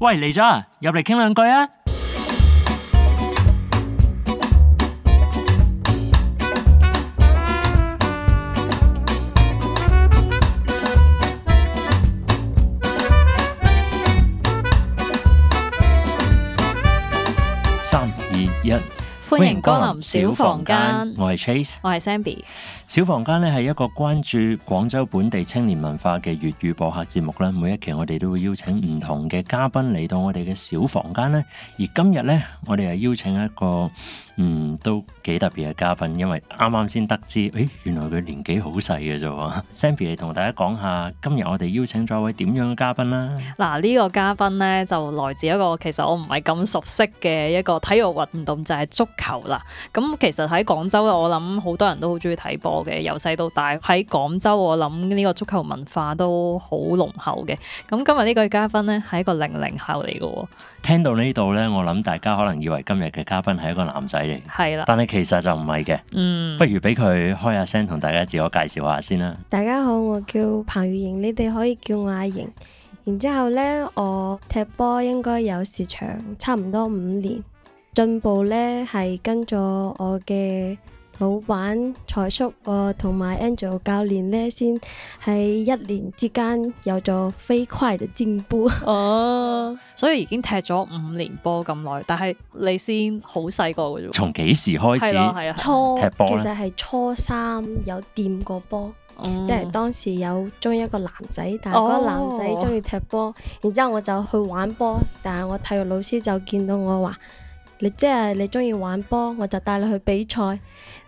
喂，嚟咗啊，入嚟傾兩句啊！歡迎《光臨小房間》我 Chase, 我，我係 Chase，我係 Sammy。小房間咧係一個關注廣州本地青年文化嘅粵語播客節目啦。每一期我哋都會邀請唔同嘅嘉賓嚟到我哋嘅小房間咧。而今日咧，我哋係邀請一個嗯都幾特別嘅嘉賓，因為啱啱先得知，誒、哎，原來佢年紀好細嘅啫。Sammy 嚟同大家講下，今日我哋邀請咗位點樣嘅嘉賓啦。嗱，呢個嘉賓咧就來自一個其實我唔係咁熟悉嘅一個體育運動，就係、是、足球。啦，咁其實喺廣州咧，我諗好多人都好中意睇波嘅，由細到大喺廣州，我諗呢個足球文化都好濃厚嘅。咁今日呢個嘉賓咧係一個零零後嚟嘅。聽到呢度咧，我諗大家可能以為今日嘅嘉賓係一個男仔嚟。係啦，但係其實就唔係嘅。嗯，不如俾佢開下聲，同大家自我介紹下先啦。大家好，我叫彭宇瑩，你哋可以叫我阿瑩。然之後咧，我踢波應該有時長差唔多五年。進步咧係跟咗我嘅老闆蔡叔，同埋 Angel 教練咧，先喺一年之間有咗飛快嘅進步。哦，所以已經踢咗五年波咁耐，但係你先好細個嘅啫。從幾時開始？係咯，係啊。初踢其實係初三有掂過波，嗯、即係當時有中意一個男仔，但係嗰個男仔中意踢波，哦、然之後我就去玩波，但係我體育老師就見到我話。即你即係你鍾意玩波，我就帶你去比賽。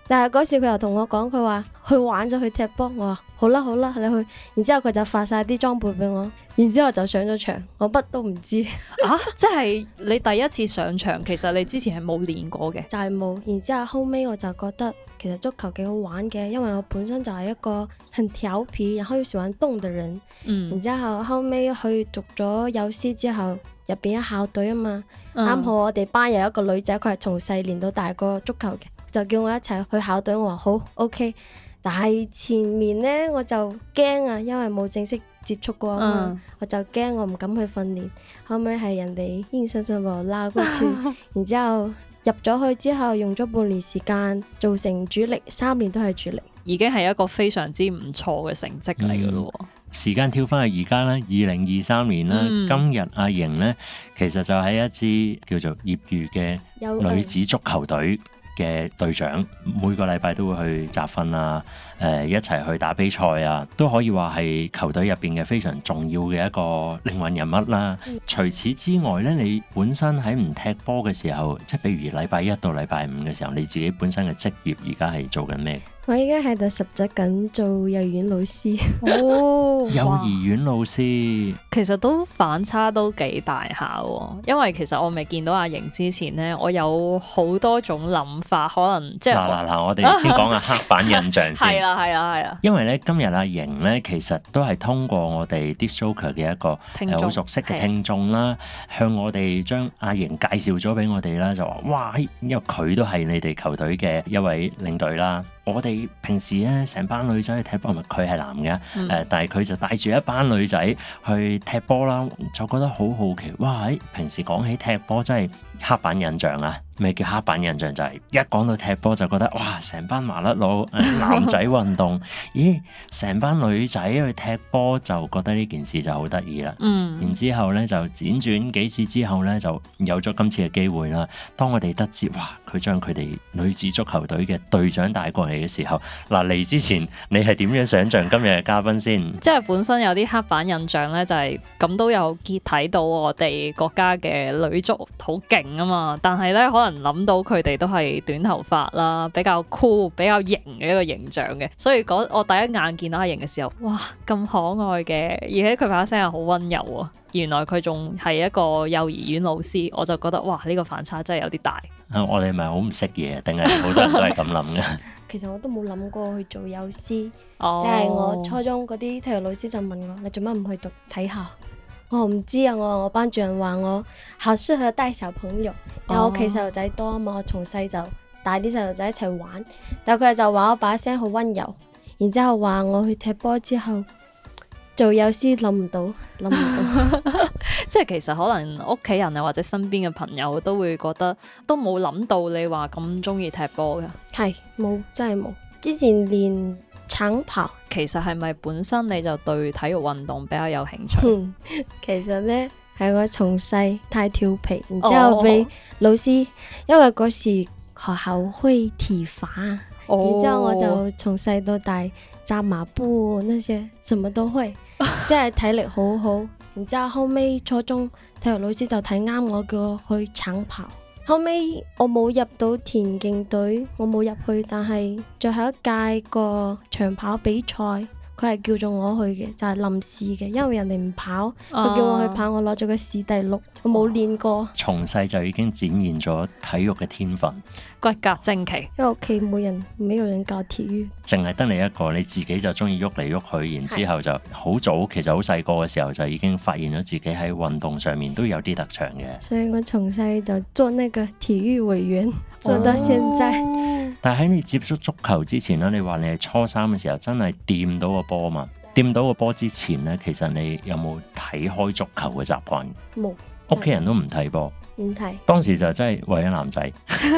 但係嗰時佢又同我講，佢話去玩咗去踢波。我話好啦好啦，你去。然之後佢就發晒啲裝備俾我，然之後就上咗場。我乜都唔知啊！ 即係你第一次上場，其實你之前係冇練過嘅，就係冇。然之後後尾我就覺得。其實足球幾好玩嘅，因為我本身就係一個很調皮，然後又喜歡動嘅人。嗯、然之後後尾去讀咗幼師之後，入邊有校隊啊嘛。啱、嗯、好，我哋班有一個女仔，佢係從細練到大個足球嘅，就叫我一齊去校隊。我話好 OK，但係前面呢，我就驚啊，因為冇正式接觸過啊嘛，嗯嗯、我就驚我唔敢去訓練。後尾係人哋硬生生把我拉過去，啊、然之後。入咗去之後，用咗半年時間做成主力，三年都係主力，已經係一個非常之唔錯嘅成績嚟噶咯。時間跳翻去而家啦，二零二三年啦。嗯、今日阿瑩咧，其實就係一支叫做業餘嘅女子足球隊。嘅隊長每個禮拜都會去集訓啊，誒、呃、一齊去打比賽啊，都可以話係球隊入邊嘅非常重要嘅一個靈魂人物啦、啊。除此之外呢，你本身喺唔踢波嘅時候，即係比如禮拜一到禮拜五嘅時候，你自己本身嘅職業而家係做緊咩？我依家喺度實習緊，做幼兒園老師。哦，幼兒園老師，其實都反差都幾大下、啊、喎。因為其實我未見到阿瑩之前咧，我有好多種諗法，可能即係嗱嗱嗱，我哋先講下黑板印象先。係啦， 係啦，係啦。因為咧，今日阿瑩咧，其實都係通過我哋 DISC JOKER 嘅一個好熟悉嘅聽眾啦，眾向我哋將阿瑩介紹咗俾我哋啦，就話哇，因為佢都係你哋球隊嘅一位領隊啦。我哋平時呢，成班女仔去踢波，咪佢係男嘅、嗯呃，但係佢就帶住一班女仔去踢波啦，就覺得好好奇，哇！喂，平時講起踢波真係～黑板印象啊，咩叫黑板印象？就係、是、一講到踢波就覺得哇，成班麻甩佬男仔運動。 咦，成班女仔去踢波就覺得呢件事就好得意啦。嗯，然之後咧就輾轉幾次之後咧就有咗今次嘅機會啦。當我哋得知哇，佢將佢哋女子足球隊嘅隊長帶過嚟嘅時候，嗱，嚟之前你係點樣想象今日嘅嘉賓先？即係本身有啲黑板印象咧，、就是，就係咁都有結睇到我哋國家嘅女足好勁。啊嘛，但係咧，可能諗到佢哋都係短頭髮啦，比較酷，比較型嘅一個形象嘅，所以我第一眼見到阿瑩嘅時候，哇，咁可愛嘅，而且佢把聲又好溫柔啊，原來佢仲係一個幼兒園老師，我就覺得哇，呢個反差真係有啲大。我哋咪好唔識嘢，定係好多人都係咁諗嘅。其實我都冇諗過去做幼師，即係我初中嗰啲體育老師就問我，你做乜唔去讀體校？看看我唔、哦、知啊！我我班主任話我好適合帶小朋友，因為屋企細路仔多啊嘛，從細就帶啲細路仔一齊玩。但佢就話我把聲好溫柔，然之後話我去踢波之後做幼師諗唔到，諗唔到。即係其實可能屋企人啊或者身邊嘅朋友都會覺得都冇諗到你話咁中意踢波㗎。係冇，真係冇。之前練。長跑其實係咪本身你就對體育運動比較有興趣？ 其實呢，係 我從細太調皮，然之後俾老師，因為嗰時學校會體罰，然之後我就從細到大紮馬步那些，什麼都會， 真係體力好好。然之後後尾初中體育老師就睇啱我，我叫我去長跑。後尾我冇入到田徑隊，我冇入去，但係最後一屆個長跑比賽。佢係叫咗我去嘅，就係、是、臨時嘅，因為人哋唔跑，佢叫我去跑，我攞咗個試第六，我冇練過。從細、哦、就已經展現咗體育嘅天分，骨骼精奇，因為屋企冇人，冇人教體育，淨係得你一個，你自己就中意喐嚟喐去，然之後就好早，其實好細個嘅時候就已經發現咗自己喺運動上面都有啲特長嘅。所以我從細就做呢個體育委員，做到現在。哦。但喺你接觸足球之前咧，你話你係初三嘅時候真係掂到個波嘛？掂到個波之前咧，其實你有冇睇開足球嘅習慣？冇沒，屋企人都唔睇波，唔睇看。當時就真係為咗男仔，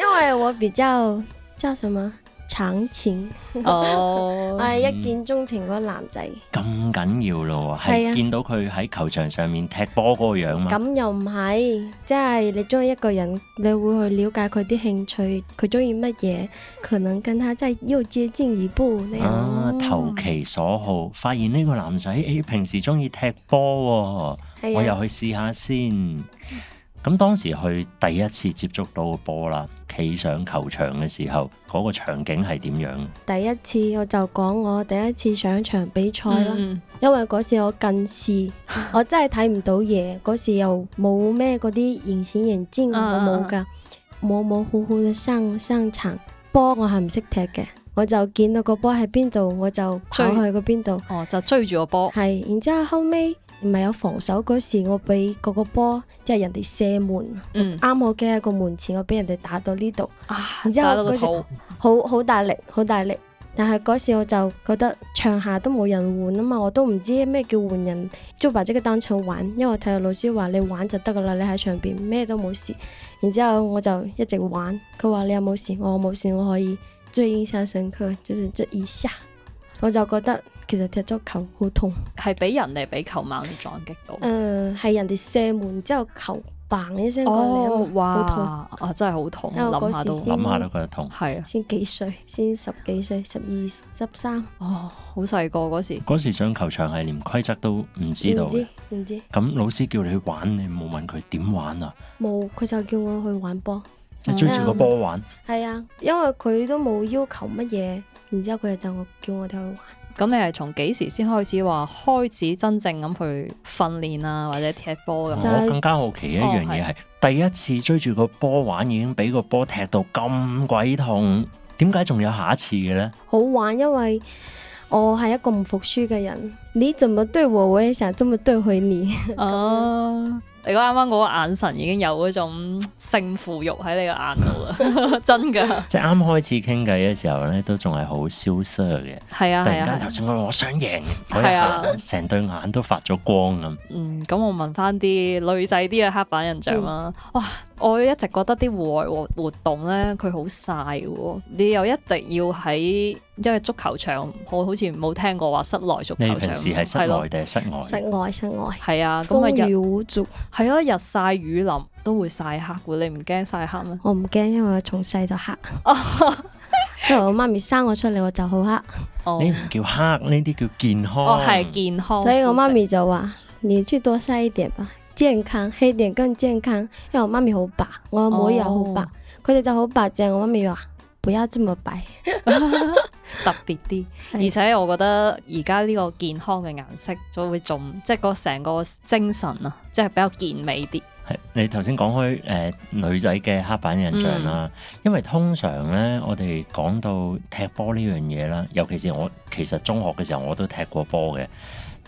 因為我比較叫什麼？抌錢哦，係長 一見鍾情嗰男仔咁緊要咯喎，係見到佢喺球場上面踢波嗰個樣嘛？咁又唔係，即係你中意一個人，你會去了解佢啲興趣，佢中意乜嘢，可能跟他即係又接近一步。你啊，投其所好，發現呢個男仔誒平時中意踢波喎，啊，我又去試下先。咁當時去第一次接觸到個波啦，企上球場嘅時候，嗰、那個場景係點樣？第一次我就講我第一次上場比賽啦，嗯、因為嗰時我近視， 我真係睇唔到嘢。嗰時又冇咩嗰啲形線形尖，我冇㗎，模模糊糊嘅生生場波，我係唔識踢嘅。我就見到個波喺邊度，我就跑去個邊度，哦就追住個波。係，然之後後尾。唔係有防守嗰時，我俾嗰個波，即係人哋射門，啱、嗯、我嘅喺個門前，我俾人哋打到呢度，啊、然之後嗰時好好大力，好大力。但係嗰時我就覺得場下都冇人換啊嘛，我都唔知咩叫換人，Juba 只係當場玩， 因為體育老師話你玩就得噶啦，你喺場邊咩都冇事。然之後我就一直玩，佢話你有冇事，我冇事，我可以追上上。最印象深刻就是這一下，我就覺得。其實踢足球好痛，係俾人哋俾球猛撞擊到。嗯、呃，係人哋射門之後，球 bang 一聲過嚟，好、哦、痛啊！真係好痛，因諗、呃、下都諗、呃、下都覺得痛。係啊、呃，先幾歲，先十幾歲，十二、十三，哦，好細個嗰時。嗰時上球場係連規則都唔知、知道，唔知咁老師叫你去玩，你冇問佢點玩啊？冇，佢就叫我去玩波，即係、嗯、追住個波玩。係、嗯、啊，因為佢都冇要求乜嘢，然之後佢就叫我哋去玩。咁你係從幾時先開始話開始真正咁去訓練啊，或者踢波咁樣、嗯？我更加好奇嘅一樣嘢係第一次追住個波玩，已經俾個波踢到咁鬼痛，點解仲有下一次嘅咧？好玩，因為我係一個唔服輸嘅人。你怎麼對我，我也想這麼對回你。 樣哦。你講啱啱嗰個眼神已經有嗰種勝負欲喺你個眼度啦， 真噶的！即係啱開始傾偈嘅時候咧，都仲係好消澀嘅。係啊係啊，頭先我、啊、我想贏，係啊，成對眼都發咗光咁。嗯，咁我問翻啲女仔啲嘅黑板印象啦，哇、嗯！啊我一直覺得啲戶外活動咧，佢好晒喎！你又一直要喺，因為足球場，我好似冇聽過話室內足球場。你平時室,內室外定係室,室,室外？室外，室外。係啊，咁啊日。係啊，日曬雨淋都會晒黑喎！你唔驚晒黑咩？我唔驚，因為我從細就黑。哦，因為我媽咪生我出嚟，我就好黑。哦，oh. 你唔叫黑，呢啲叫健康。哦，係健康。所以我媽咪就話：你最多晒一點吧。健康黑點更健康，因為我媽咪好白，我阿妹又好白，佢哋、哦、就好白，淨我媽咪話不要這麼白， 特別啲的。是而且我覺得而家呢個健康嘅顏色就會仲即係個成個精神啊，即、就、係、是、比較健美啲。係你頭先講開誒、呃、女仔嘅黑板印象啦，嗯、因為通常咧我哋講到踢波呢樣嘢啦，尤其是我其實中學嘅時候我都踢過波嘅。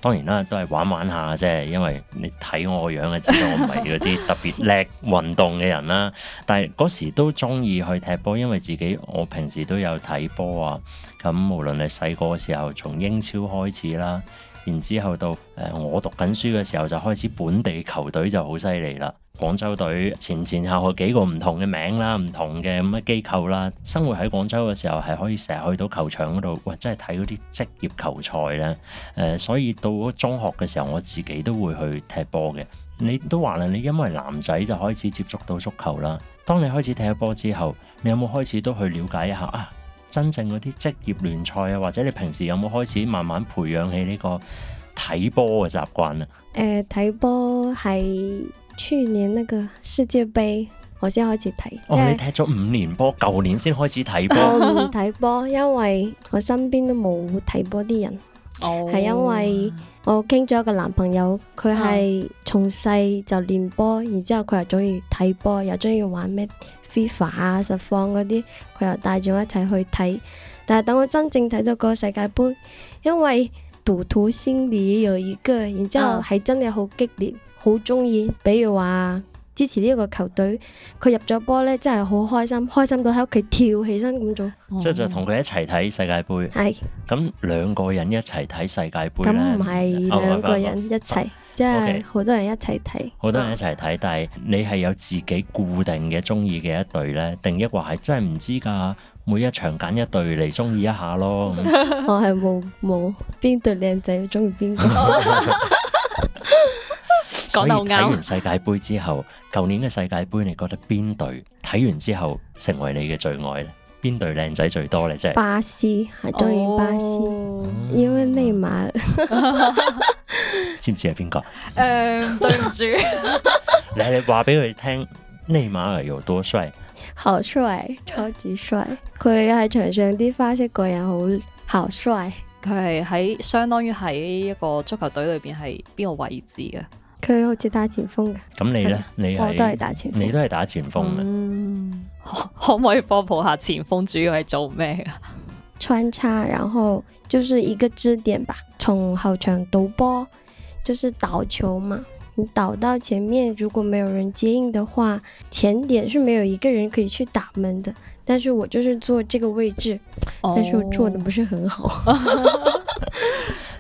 當然啦，都係玩玩下啫，因為你睇我個樣就知道我唔係嗰啲特別叻運動嘅人啦。但係嗰時都中意去踢波，因為自己我平時都有睇波啊。咁無論你細個嘅時候，從英超開始啦，然之後到誒我讀緊書嘅時候，就開始本地球隊就好犀利啦。廣州隊前前後後幾個唔同嘅名啦，唔同嘅咁嘅機構啦。生活喺廣州嘅時候，係可以成日去到球場嗰度，或者係睇嗰啲職業球賽咧。誒、呃，所以到咗中學嘅時候，我自己都會去踢波嘅。你都話啦，你因為男仔就開始接觸到足球啦。當你開始踢波之後，你有冇開始都去了解一下啊？真正嗰啲職業聯賽啊，或者你平時有冇開始慢慢培養起呢個睇波嘅習慣啊？誒、呃，睇波係。去年那個世界盃，我先開始睇。哦、oh, 即係，你踢咗五年波，舊年先開始睇波。唔 睇波，因為我身邊都冇睇波啲人。哦，係因為我傾咗一個男朋友，佢係從細就練波，oh. 然之後佢又中意睇波，又中意玩咩 FIFA 啊、實況嗰啲，佢又帶住我一齊去睇。但係等我真正睇到個世界盃，因為。賭徒心裡有一個，然之後係真係好激烈，好中意。比如話支持呢一個球隊，佢入咗波呢，真係好開心，開心到喺屋企跳起身咁做。即、哦、係就同佢一齊睇世界杯。係是。咁兩個人一齊睇世界杯咧？咁唔係兩個人一齊，即係好多人一齊睇。好 Okay. 多人一齊睇，但係你係有自己固定嘅中意嘅一隊呢？定一話係真係唔知噶？每一場揀一隊嚟中意一下咯，我係冇冇邊對靚仔中意邊個？所以睇完世界杯之後，舊年嘅世界杯你覺得邊隊睇完之後成為你嘅最愛咧？邊對靚仔最多咧？即係巴西係中意巴西，哦、因為尼馬 知唔知係邊個？誒、呃，對唔住 ，你你話俾佢聽尼馬有多帥。好帥，超級帥！佢喺場上啲花式個人好好帥。佢係喺相當於喺一個足球隊裏邊係邊個位置嘅？佢好似打前鋒嘅。咁你呢？你我都係打前鋒，你都係打前鋒。嗯，可可唔可以科普下前鋒主要係做咩？穿插，然後就是一個支點吧。從後場倒波，就是倒球嘛。你倒到前面，如果沒有人接應的話，前點是沒有一個人可以去打門的。但是我就是坐這個位置，oh. 但是我坐得不是很好。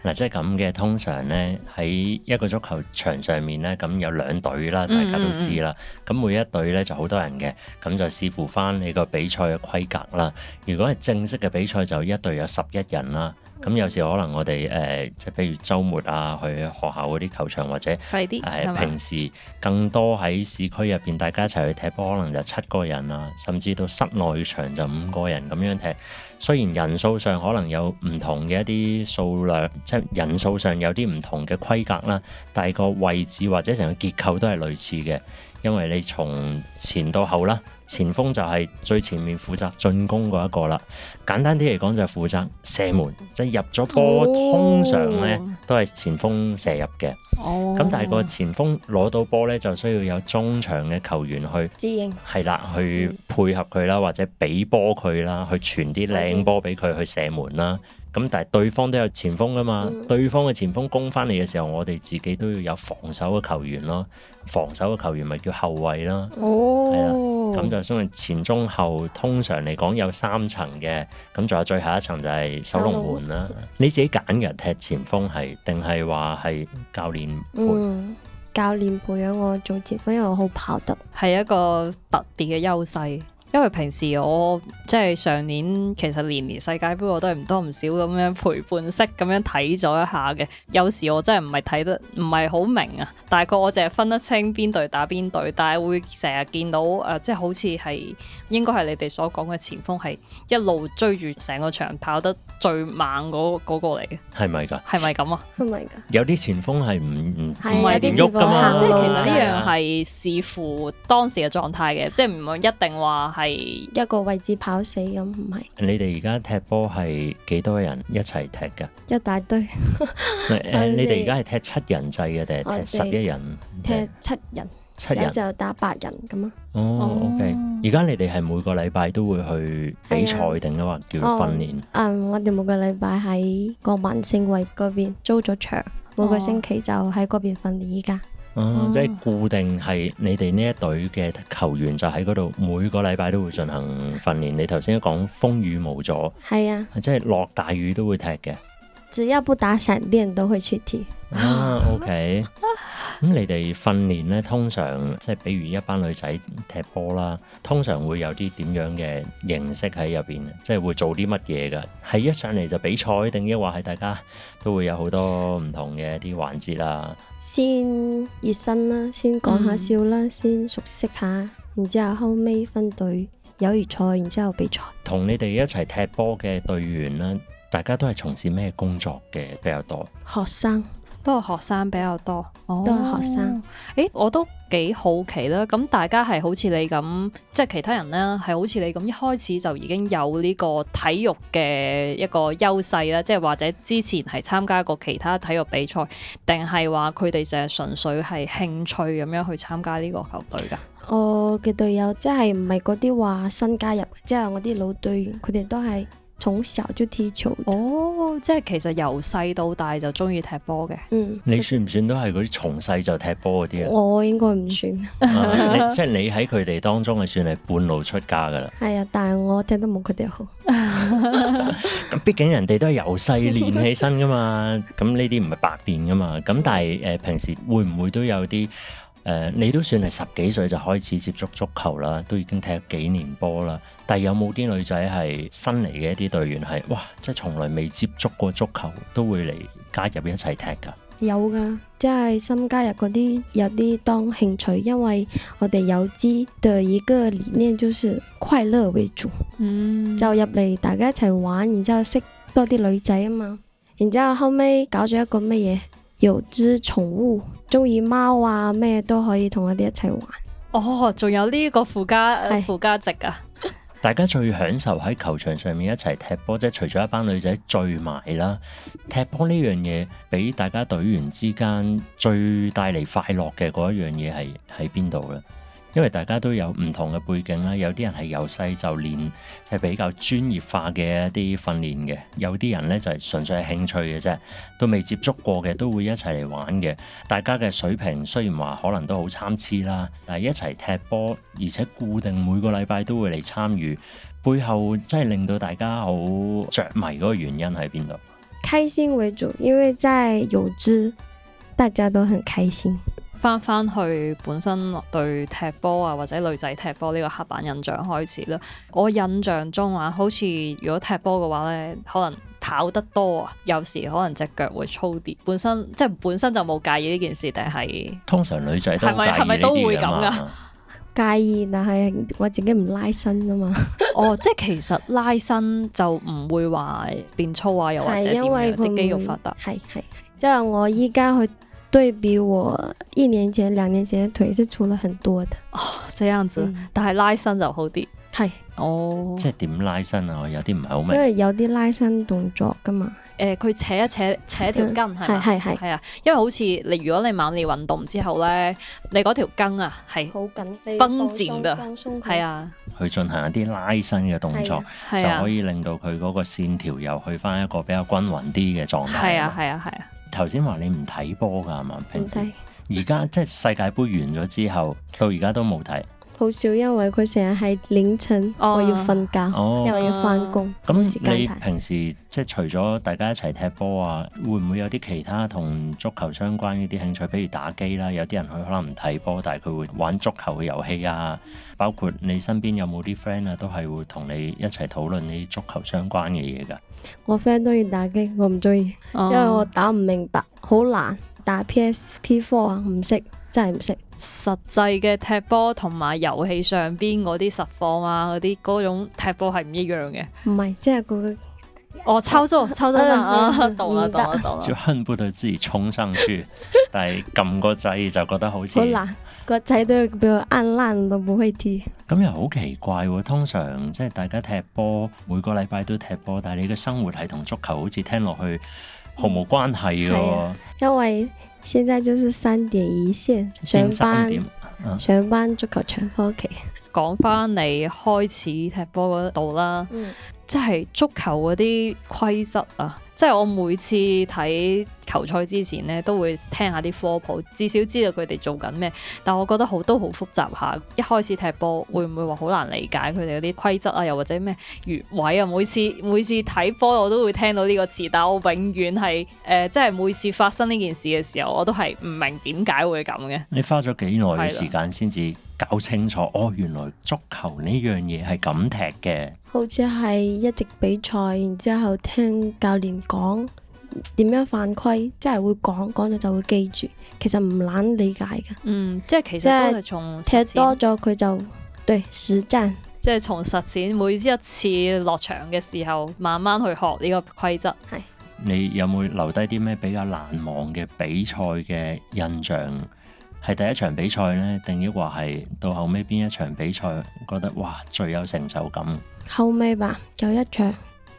嗱， 即係咁嘅，通常呢，喺一個足球場上面呢，咁有兩隊啦，大家都知啦。咁、mm hmm. 每一隊呢，就好多人嘅，咁就視乎翻你個比賽嘅規格啦。如果係正式嘅比賽，就一隊有十一人啦。咁有時可能我哋誒，即係譬如週末啊，去學校嗰啲球場或者誒、呃、平時，更多喺市區入邊，大家一齊去踢波，可能就七個人啊，甚至到室內場就五個人咁樣踢。雖然人數上可能有唔同嘅一啲數量，即係人數上有啲唔同嘅規格啦，但係個位置或者成個結構都係類似嘅。因為你從前到後啦，前鋒就係最前面負責進攻嗰一個啦。簡單啲嚟講就係負責射門，即係入咗波，哦，通常咧都係前鋒射入嘅。哦，咁但係個前鋒攞到波咧就需要有中場嘅球員去支援，係啦，去配合佢啦，或者俾波佢啦，去傳啲靚波俾佢去射門啦。咁但係對方都有前鋒噶嘛，嗯、對方嘅前鋒攻翻嚟嘅時候，我哋自己都要有防守嘅球員咯。防守嘅球員咪叫後衛咯。哦，係啊。咁就所謂前中後通常嚟講有三層嘅。咁仲有最後一層就係守龍門啦。哦、你自己揀嘅人踢前鋒係定係話係教練？嗯，教練培養我做前鋒，因為我好跑得，係一個特別嘅優勢。因為平時我即係上年，其實年年世界盃我都係唔多唔少咁樣陪伴式咁樣睇咗一下嘅。有時我真係唔係睇得唔係好明啊，大概我就係分得清邊隊打邊隊，但係會成日見到誒、呃，即係好似係應該係你哋所講嘅前鋒係一路追住成個場跑得最猛嗰、嗰個嚟嘅。係咪㗎？係咪咁啊？係咪㗎？有啲前鋒係唔唔唔喐㗎嘛？即係其實呢樣係視乎當時嘅狀態嘅，的的即係唔一定話係。係一個位置跑死咁，唔係。你哋而家踢波係幾多人一齊踢噶？一大堆。 你哋而家係踢七人制嘅定係踢十一人？踢七人。七人。有時候打八人咁啊。哦、oh,，OK。而家你哋係每個禮拜都會去比賽定啊嘛？叫訓練、哦。嗯，我哋每個禮拜喺個萬勝圍嗰邊租咗場，每個星期就喺嗰邊訓練。而家。哦啊！Uh, 即係固定係你哋呢一隊嘅球員就喺嗰度每個禮拜都會進行訓練。你頭先講風雨無阻，係啊，即係落大雨都會踢嘅。只要不打閃電都會去踢。 啊，OK。咁你哋訓練咧，通常即係比如一班女仔踢波啦，通常會有啲點樣嘅形式喺入邊，即係會做啲乜嘢噶？係一上嚟就比賽，定抑或係大家都會有好多唔同嘅啲環節啦？先熱身啦，先講下笑啦，嗯、先熟悉下，然之後後尾分隊友誼賽，然之後，後比賽。同你哋一齊踢波嘅隊員啦。大家都係從事咩工作嘅比較多？學生，都係學生比較多，哦、都係學生。誒、欸，我都幾好奇啦。咁大家係好似你咁，即係其他人咧，係好似你咁一開始就已經有呢個體育嘅一個優勢啦，即係或者之前係參加過其他體育比賽，定係話佢哋就係純粹係興趣咁樣去參加呢個球隊㗎？我嘅隊友即係唔係嗰啲話新加入，即係我啲老隊員，佢哋都係。從小就踢球，哦，即係其實由細到大就中意踢波嘅。嗯，你算唔算都係嗰啲從細就踢波嗰啲啊？我應該唔算。即 係、啊，你喺佢哋當中係算係半路出家噶啦。係 啊，但係我踢得冇佢哋好。咁畢竟人哋都係由細練起身噶嘛，咁呢啲唔係白練噶嘛。咁但係誒，平時會唔會都有啲？誒，uh, 你都算係十幾歲就開始接觸足球啦，都已經踢咗幾年波啦。但係有冇啲女仔係新嚟嘅一啲隊員，係哇，即係從來未接觸過足球，都會嚟加入一齊踢噶，就是？有噶，即係新加入嗰啲有啲當興趣，因為我哋友枝的一個理念就是快樂為主。嗯，就入嚟大家一齊玩，然之後識多啲女仔啊嘛。然之後後尾搞咗一個乜嘢？有隻寵物，中意貓啊咩都可以同我哋一齊玩。哦，仲有呢個附加附加值啊！ 大家最享受喺球場上面一齊踢波啫，即除咗一班女仔聚埋啦，踢波呢樣嘢俾大家隊員之間最帶嚟快樂嘅嗰一樣嘢係喺邊度呢？因為大家都有唔同嘅背景啦，有啲人係由細就練，即係比較專業化嘅一啲訓練嘅；有啲人咧就係純粹係興趣嘅啫，都未接觸過嘅都會一齊嚟玩嘅。大家嘅水平雖然話可能都好參差啦，但係一齊踢波，而且固定每個禮拜都會嚟參與，背後真係令到大家好着迷嗰個原因喺邊度？開心為主，因為在有知，大家都很開心。翻翻去本身對踢波啊，或者女仔踢波呢個刻板印象開始啦。我印象中話好似如果踢波嘅話咧，可能跑得多啊，有時可能隻腳會粗啲。本身即係本身就冇介意呢件事，定係通常女仔係咪係咪都會咁噶？介意，但係我自己唔拉伸啊嘛。 哦，即係其實拉伸就唔會話變粗啊，又或者因為啲肌肉發達？係係即係我依家去，對比我一年前、兩年前，嘅腿是粗了很多的哦。這樣子，但係拉伸就好啲。係哦，即係點拉伸啊？我有啲唔係好明。因為有啲拉伸動作噶嘛。誒，佢扯一扯，扯條筋係嘛？係係係啊，因為好似你如果你猛烈運動之後咧，你嗰條筋啊係好緊，崩展噶，係啊。去進行一啲拉伸嘅動作，就可以令到佢嗰個線條又去翻一個比較均勻啲嘅狀態。係啊係啊係啊！頭先話你唔睇波㗎係嘛？平時而家看即係世界盃完咗之後，到而家都冇睇。好少，因為佢成日喺凌晨、哦、我要瞓覺，哦、因為要翻工。咁、嗯、你平時即係除咗大家一齊踢波啊，會唔會有啲其他同足球相關嗰啲興趣？譬如打機啦，有啲人佢可能唔睇波，但係佢會玩足球嘅遊戲啊。包括你身邊有冇啲 friend 啊，都係會同你一齊討論呢啲足球相關嘅嘢㗎？我 friend 都中意打機，我唔中意，哦、因為我打唔明白，好難打 PSP Four 啊，唔識。真係唔識，實際嘅踢波同埋遊戲上邊嗰啲實況啊，嗰啲嗰種踢波係唔一樣嘅。唔係，即係佢，哦，操作操作就唔懂啦，就恨、嗯嗯、不得自己衝上去，但係撳個掣就覺得好似好難，個掣都要俾我按爛，我都不會踢。咁又好奇怪喎、啊，通常即係大家踢波，每個禮拜都踢波，但係你嘅生活係同足球好似聽落去毫無關係嘅、啊，因為。現在就是三點一線，上班，上、啊、班足球全翻屋企。講翻你開始踢波嗰度啦，即係、嗯、足球嗰啲規則啊。即係我每次睇球賽之前咧，都會聽下啲科普，至少知道佢哋做緊咩。但我覺得好都好複雜下，一開始踢波會唔會話好難理解佢哋嗰啲規則啊，又或者咩越位啊？每次每次睇波我都會聽到呢個詞，但我永遠係誒、呃，即係每次發生呢件事嘅時候，我都係唔明點解會咁嘅。你花咗幾耐嘅時間先至？搞清楚哦，原來足球呢樣嘢係咁踢嘅。好似係一直比賽，然之後聽教練講點樣犯規，即係會講講咗就會記住。其實唔難理解㗎。嗯，即係其實即是 都係踢多咗佢就對實戰，即係從實踐，每一次落場嘅時候，慢慢去學呢個規則。係是你有冇留低啲咩比較難忘嘅比賽嘅印象？係第一場比賽呢，定抑話係到後尾邊一場比賽覺得哇最有成就感？後尾吧，有一場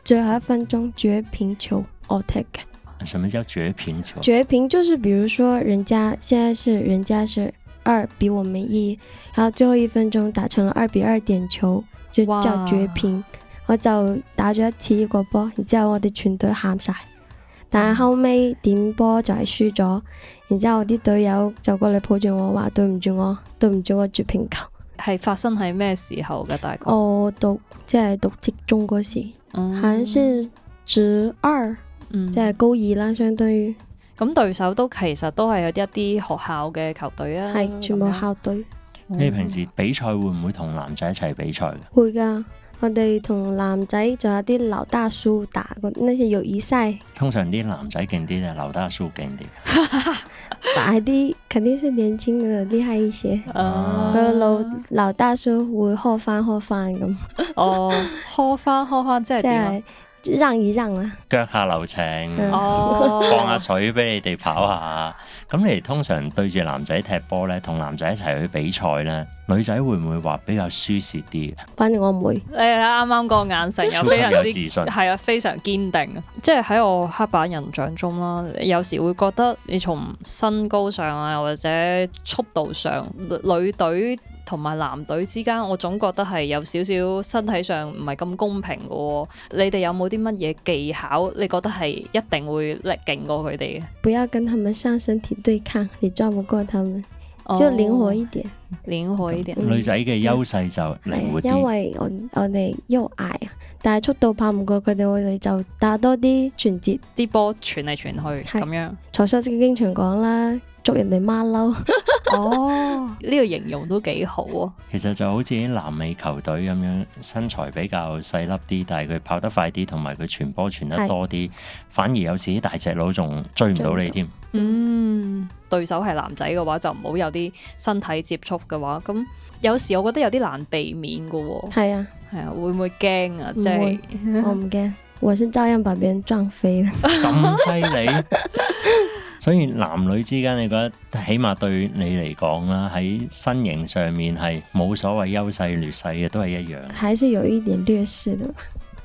最後一分鐘絕平球我 take。什麼叫絕平球？是，是絕平就是，比如說人家現在是人家是二比我們一，然後最後一分鐘打成了二比二點球，就叫絕平。哇我就打咗一次呢個波，然之後我哋全隊喊晒。但係後尾點波就係輸咗，然之後啲隊友就過嚟抱住我話對唔住我，對唔住我絕平球。係發生喺咩時候噶？大概我讀即係、就是、讀職中嗰時，嗯、好似職二，即、就、係、是、高二啦，相對於咁對手都、嗯、其實都係有一啲學校嘅球隊啊，係全部校隊。你、嗯、平時比賽會唔會同男仔一齊比賽噶？會噶。我哋同男仔仲有啲老大叔打過那些友誼賽。通常啲男仔勁啲定老大叔勁啲？大啲， 肯定是年輕嘅，厲害一些。哦、啊。個老老大叔會喝翻喝翻咁。 哦。喝翻喝翻即係即係讓一讓啊，腳下留情。嗯、哦。放下水俾你哋跑下。咁 你哋通常對住男仔踢波咧，同男仔一齊去比賽咧。女仔會唔會話比較舒適啲？反正我唔會。你啱啱個眼神又非常之 自信，係啊，非常堅定。即係喺我刻板印象中啦，有時會覺得你從身高上啊，或者速度上，女隊同埋男隊之間，我總覺得係有少少身體上唔係咁公平嘅、啊。你哋有冇啲乜嘢技巧？你覺得係一定會叻勁過佢哋嘅？不要跟他們上身體對抗，你撞不過他們。只要靈活一點，靈活一點。女仔嘅優勢就靈活，因為我我哋又矮，但係速度跑唔過佢哋，我哋就打多啲傳接啲波傳嚟傳去咁的樣。蔡叔先經常講啦，捉人哋馬騮。哦，呢個形容都幾好啊。其實就好似啲南美球隊咁樣，身材比較細粒啲，但係佢跑得快啲，同埋佢傳波傳得多啲，的反而有時啲大隻佬仲追唔到你添。嗯。對手係男仔嘅話，就唔好有啲身體接觸嘅話，咁有時我覺得有啲難避免㗎喎。係啊，係啊，會唔會驚啊？即係我唔驚，我先照樣把別人撞飛啦。咁犀利，所以男女之間，你覺得起碼對你嚟講啦，喺身形上面係冇所謂優勢劣勢嘅，都係一樣。還是有一點劣勢的。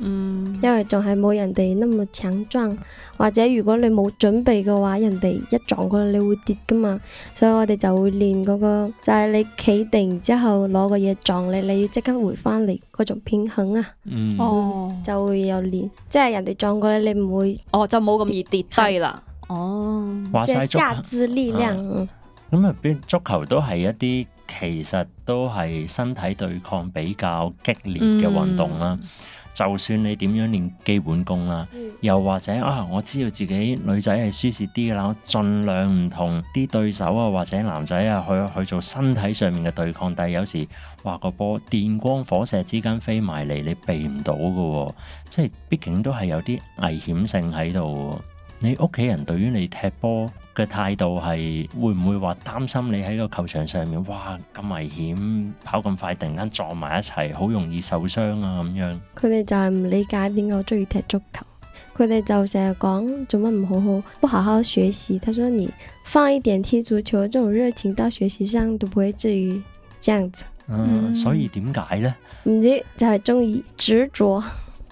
嗯，因為仲係冇人哋那麼強壯，或者如果你冇準備嘅話，人哋一撞過你，會跌噶嘛。所以我哋就會練嗰、那個，就係、是、你企定之後攞個嘢撞你，你要即刻回翻嚟嗰種平衡啊。嗯、哦，就會有練，即係人哋撞過你，你唔會哦，就冇咁易跌低啦。哦，即係下肢力量。咁啊，變足球都係一啲其實都係身體對抗比較激烈嘅運動啦。就算你點樣練基本功啦，嗯、又或者啊，我知道自己女仔係舒適啲嘅啦，我盡量唔同啲對手啊或者男仔啊去去做身體上面嘅對抗，但係有時哇，個波電光火石之間飛埋嚟，你避唔到嘅，即係畢竟都係有啲危險性喺度、哦。你屋企人對於你踢波嘅態度，係會唔會話擔心你喺個球場上面，哇咁危險，跑咁快，突然間撞埋一齊，好容易受傷啊咁樣？佢哋就係唔理解點解我中意踢足球，佢哋就成日講做乜唔好好不好好學習。他說你放一點踢足球這種熱情到學習上都不會至於這樣子。嗯，嗯，所以點解呢？唔知，就係中意執着。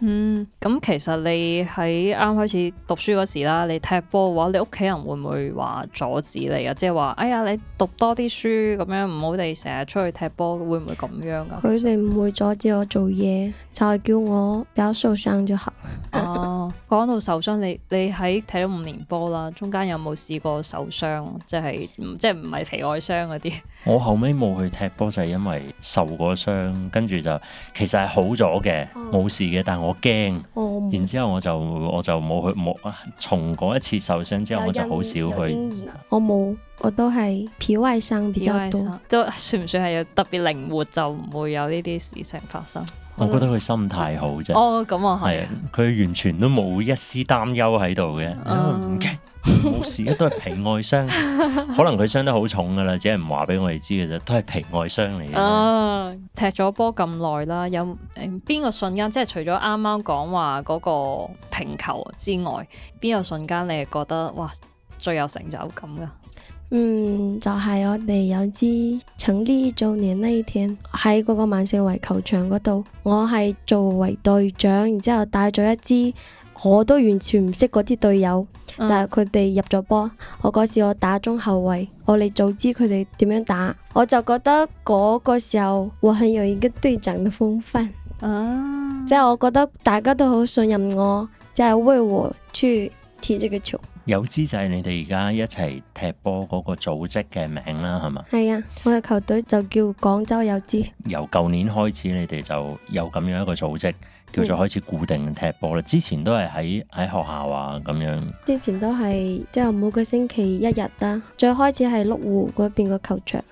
嗯，咁、嗯、其實你喺啱開始讀書嗰時啦，你踢波嘅話，你屋企人會唔會話阻止你啊？即係話，哎呀，你讀多啲書咁樣，唔好哋成日出去踢波，會唔會咁樣噶？啊？佢哋唔會阻止我做嘢， 就係叫我有受傷就行。哦 啊，講到受傷，你你喺踢咗五年波啦，中間有冇試過受傷？即係即係唔係皮外傷嗰啲？ 我後尾冇去踢波就係、是，因為受過傷，跟住就其實係好咗嘅，冇事嘅，但係我。我驚，然之後我就我就冇去冇啊！從嗰一次受傷之後，因我就好少去。我冇，我都係皮外傷，皮外傷。都算唔算係特別靈活？就唔會有呢啲事情發生。我覺得佢心態好啫。哦、嗯，咁啊係，佢完全都冇一絲擔憂喺度嘅，唔、嗯、驚。冇 事嘅，都係皮外傷， 可能佢傷得好重噶啦，只係唔話俾我哋知嘅啫，都係皮外傷嚟嘅。啊，踢咗波咁耐啦，有邊、欸、個瞬間即係除咗啱啱講話嗰個平球之外，邊個瞬間你係覺得哇最有成就感噶？嗯，就係、是、我哋友枝成立周年呢一天喺嗰個萬勝圍球場嗰度，我係作為隊長，然之後帶咗一支。我都完全唔識嗰啲隊友，嗯、但係佢哋入咗波。我嗰時我打中後衛，我哋早知佢哋點樣打，我就覺得嗰個時候我很有一個隊長的風範。哦、啊，即係我覺得大家都好信任我，即、就、係、是、為我去踢這個知踢球。友枝就係你哋而家一齊踢波嗰個組織嘅名啦，係嘛？係啊，我嘅球隊就叫廣州友枝。由舊年開始，你哋就有咁樣一個組織。叫做開始固定踢波啦，之前都係喺喺學校啊咁樣。之前都係即係每個星期一日啦。最開始係麓湖嗰邊個球場，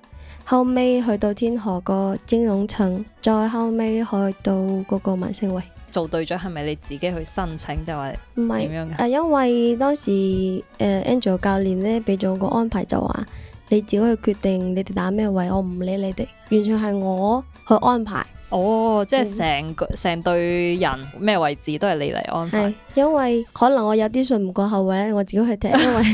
後尾去到天河個精龍城，再後尾去到嗰個萬勝圍。做隊長係咪你自己去申請就係、唔係、點是樣噶、啊？因為當時誒 Angel 教練咧俾咗個安排就，就話你自己去決定你哋打咩位，我唔理你哋，完全係我去安排。哦，即係成個成隊、嗯、人咩位置都係你嚟安排。係、哎、因為可能我有啲信唔過後衛，我自己去踢，因為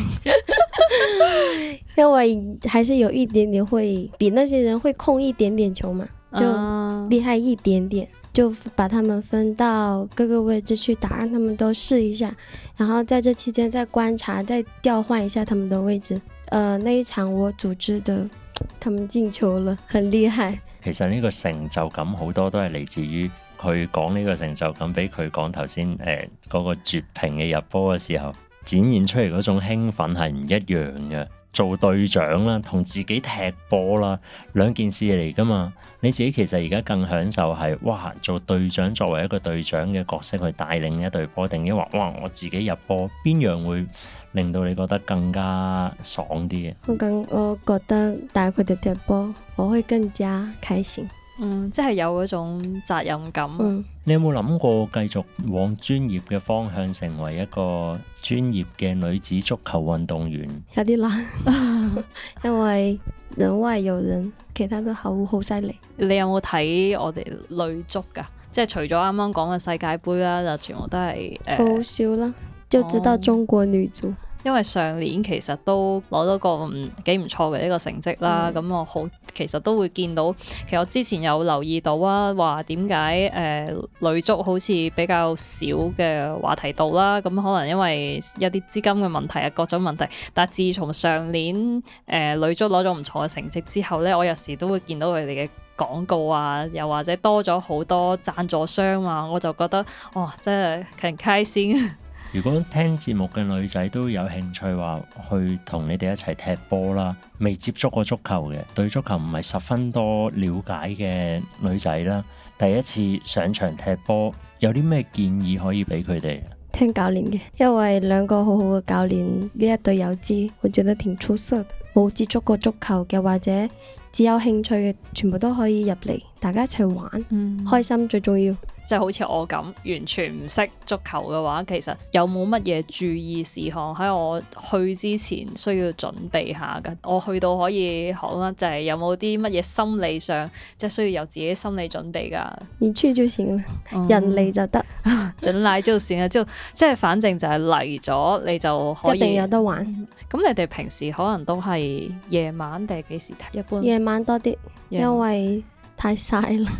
因為還是有一點點會比那些人會控一點點球嘛，就厲害一點點，啊、就把他們分到各個位置去打，讓他們都試一下，然後在這期間再觀察，再調換一下他們的位置。呃，那一場我組織的，他們進球了，很厲害。其實呢個成就感好多都係嚟自於佢講呢個成就感，比佢講頭先誒嗰個絕平嘅入波嘅時候，展現出嚟嗰種興奮係唔一樣嘅。做隊長啦，同自己踢波啦，兩件事嚟噶嘛？你自己其實而家更享受係，哇，做隊長作為一個隊長嘅角色去帶領一隊波，定抑或哇，我自己入波，邊樣會令到你覺得更加爽啲嘅？我更，我覺得帶佢哋踢波，我會更加開心。嗯，即係有嗰種責任感。嗯，你有冇諗過繼續往專業嘅方向，成為一個專業嘅女子足球運動員？有啲難，嗯、 因為人外有人，其他都好好犀利。你有冇睇我哋女足噶即係除咗啱啱講嘅世界杯啦，就全部都係好少啦，呃、就知道中國女足。哦、因為上年其實都攞到個唔幾唔錯嘅一個成績啦，咁我好。其實都會見到，其實我之前有留意到啊，話點解誒女足好似比較少嘅話題度啦。咁、嗯、可能因為一啲資金嘅問題啊，各種問題。但係自從上年誒、呃、女足攞咗唔錯嘅成績之後咧，我有時都會見到佢哋嘅廣告啊，又或者多咗好多贊助商啊，我就覺得哇、哦，真係勁開心！ 如果聽節目嘅女仔都有興趣話，去同你哋一齊踢波啦，未接觸過足球嘅，對足球唔係十分多了解嘅女仔啦，第一次上場踢波，有啲咩建議可以俾佢哋？聽教練嘅，因為兩個好好嘅教練，呢一隊友枝，我覺得挺出色。冇接觸過足球嘅或者只有興趣嘅，全部都可以入嚟，大家一齊玩，嗯、開心最重要。即係好似我咁完全唔識足球嘅話，其實有冇乜嘢注意事項喺我去之前需要準備下嘅？我去到可以學啦，就係有冇啲乜嘢心理上即係需要有自己心理準備噶？熱穿就先、嗯、人嚟就得，飲奶就先啦，之即係反正就係嚟咗你就可以一定有得玩。咁你哋平時可能都係夜晚定係幾時睇？一般夜晚多啲，因為。太曬啦！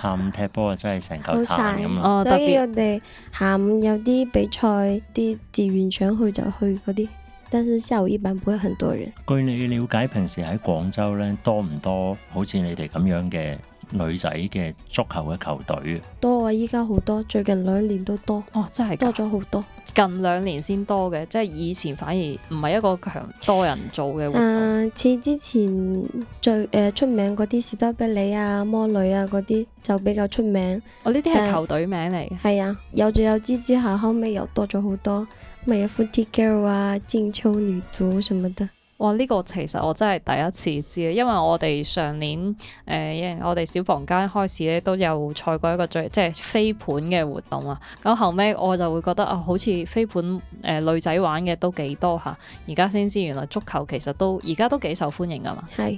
下午踢波啊，真係成嚿炭咁啊！所以我哋下午有啲比賽，啲自願想去就去嗰啲，但是下午一般不會很多人。據你了解，平時喺廣州咧多唔多？好似你哋咁樣嘅。女仔嘅足球嘅球隊多啊！依家好多，最近兩年都多，哇、哦！真係多咗好多，近兩年先多嘅，即係以前反而唔係一個強多人做嘅活動。誒，似、呃、之前最誒、呃、出名嗰啲士多啤梨啊、魔女啊嗰啲就比較出名。哦，呢啲係球隊名嚟嘅。係啊，有著有之之下，後尾又多咗好多，咪有《Foot Girl 啊、精超女足什麼的。哇！呢、這個其實我真係第一次知，因為我哋上年誒、呃，我哋小房間開始咧都有賽過一個最即係飛盤嘅活動啊。咁後尾我就會覺得啊、呃，好似飛盤誒、呃、女仔玩嘅都幾多吓，而家先知原來足球其實都而家都幾受歡迎㗎嘛，係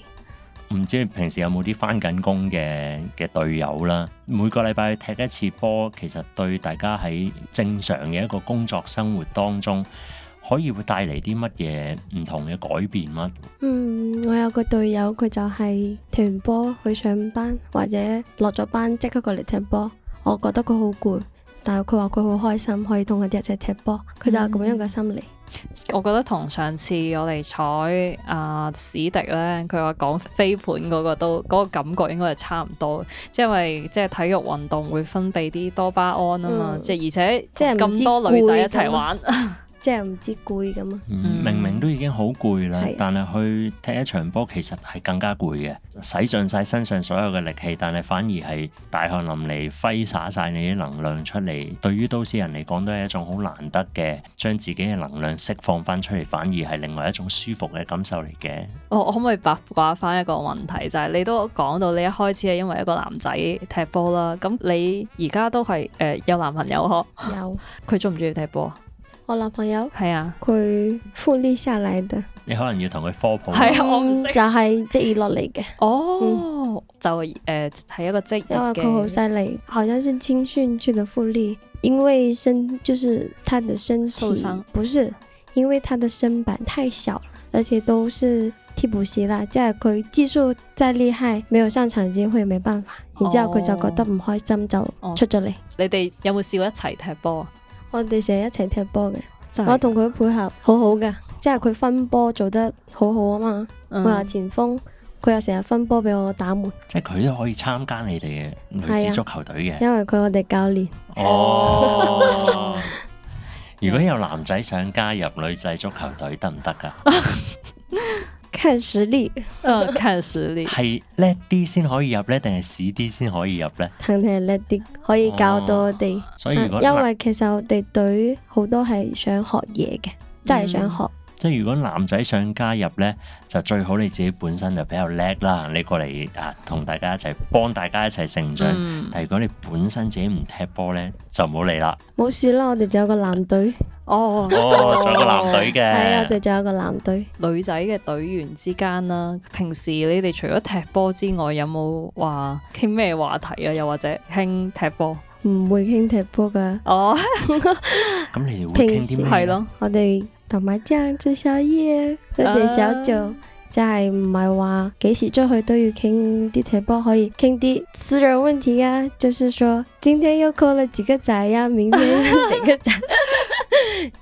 唔是知平時有冇啲返緊工嘅嘅隊友啦？每個禮拜踢一次波，其實對大家喺正常嘅一個工作生活當中，可以會帶嚟啲乜嘢唔同嘅改變嗎？嗯，我有個隊友，佢就係踢完波去上班，或者落咗班即刻過嚟踢波。我覺得佢好攰，但係佢話佢好開心，可以同佢哋一齊踢波。佢就係咁樣嘅心理、嗯。我覺得同上次我哋採啊史迪咧，佢話講飛盤嗰個都嗰、嗰個感覺應該係差唔多，即係因為即係體育運動會分泌啲多巴胺啊嘛，即係、嗯、而且即係咁多女仔一齊玩。嗯 即係唔知攰咁嘛，明明都已經好攰啦，嗯、但係去踢一場波其實係更加攰嘅，使盡晒身上所有嘅力氣，但係反而係大汗淋漓，揮灑晒你啲能量出嚟。對於都市人嚟講，都係一種好難得嘅將自己嘅能量釋放翻出嚟，反而係另外一種舒服嘅感受嚟嘅。我我可唔可以八卦翻一個問題？就係、是、你都講到你一開始係因為一個男仔踢波啦，咁你而家都係誒、呃、有男朋友嗬？有，佢中唔中意踢波？我男朋友係啊，佢富力下來嘅。你可能要同佢科普，係啊、嗯，就係職業落嚟嘅。哦，嗯、就誒係、呃、一個職業因為佢好犀利，好像是青訓去嘅富力，因為身就是他的身體不是生因為他的身板太小，而且都是替補席啦，即係佢技術再厲害，沒有上場機會，沒辦法，然之後佢就覺得唔開心，就出咗嚟。哦哦。你哋有冇試過一齊踢波啊？我哋成日一齊踢波嘅，啊、我同佢配合好好嘅，即係佢分波做得好好啊嘛。佢話、嗯、前鋒，佢又成日分波俾我打門。即係佢都可以參加你哋嘅女子足球隊嘅、啊。因為佢我哋教練。哦。 如果有男仔想加入女仔足球隊得唔得噶？ 看實力，嗯，看實力係叻啲先可以入咧，定係屎啲先可以入咧？肯定係叻啲，可以教多啲。哦，所以因為其實我哋隊好多係想學嘢嘅，真係想學。嗯即係如果男仔想加入呢，就最好你自己本身就比較叻啦，你過嚟啊，同大家一齊幫大家一齊成長。嗯、但如果你本身自己唔踢波呢，就唔好嚟啦。冇事啦，我哋仲有個男隊。哦，我哋仲有、 哦、個男隊嘅。係啊， 我哋仲有個男隊。女仔嘅隊員之間啦，平時你哋除咗踢波之外，有冇話傾咩話題啊？又或者傾踢波？唔會傾踢波噶。哦，咁、 嗯、你哋會傾啲咩嘢？係咯，我哋。打麻將、食宵夜、喝點小酒，即係唔係話幾時出去都要傾啲踢波，可以傾啲私人問題呀、啊？就是說，今天又 call 咗幾個仔呀、啊，明天又幾個仔，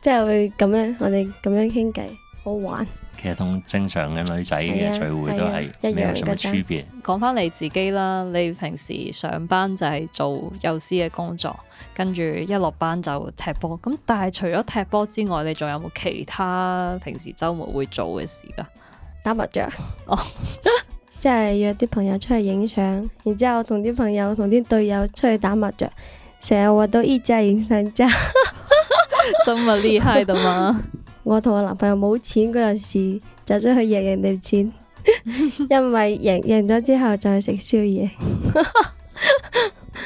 即係 會咁樣，我哋咁樣傾偈，好玩。其實同正常嘅女仔嘅聚會都係冇乜區別。講翻、嗯嗯、你自己啦，你平時上班就係做幼師嘅工作，跟住一落班就踢波。咁但係除咗踢波之外，你仲有冇其他平時周末會做嘅事㗎？打麻雀？哦，即係約啲朋友出去影相，然之後同啲朋友同啲隊友出去打麻雀。成日話都一「一家贏三家」，這麼厲害的嗎？ 我同我男朋友冇錢嗰陣時，就出去贏人哋錢，因為贏贏咗之後就去食宵夜。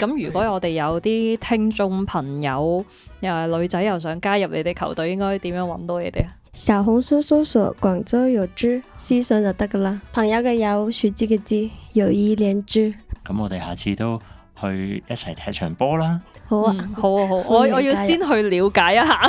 咁 如果我哋有啲聽眾朋友又係女仔，又想加入你哋球隊，應該點樣揾到你哋啊？小紅書搜索廣州友枝，私信就得噶啦。朋友嘅友，雪枝嘅枝，友誼連枝。咁我哋下次都去一齊踢場波啦。好啊，好啊、嗯，好！我我要先去了解一下，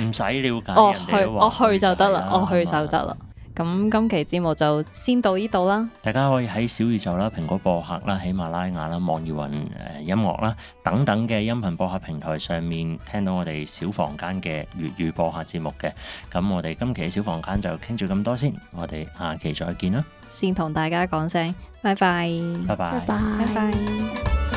唔使了解。哦，去，我去就得啦，我去就得啦。咁今期節目就先到呢度啦。大家可以喺小宇宙啦、蘋果播客啦、喜馬拉雅啦、網易雲誒音樂啦等等嘅音頻播客平台上面，聽到我哋小房間嘅粵語播客節目嘅。咁我哋今期小房間就傾住咁多先，我哋下期再見啦。先同大家講聲，拜拜，拜拜，拜拜。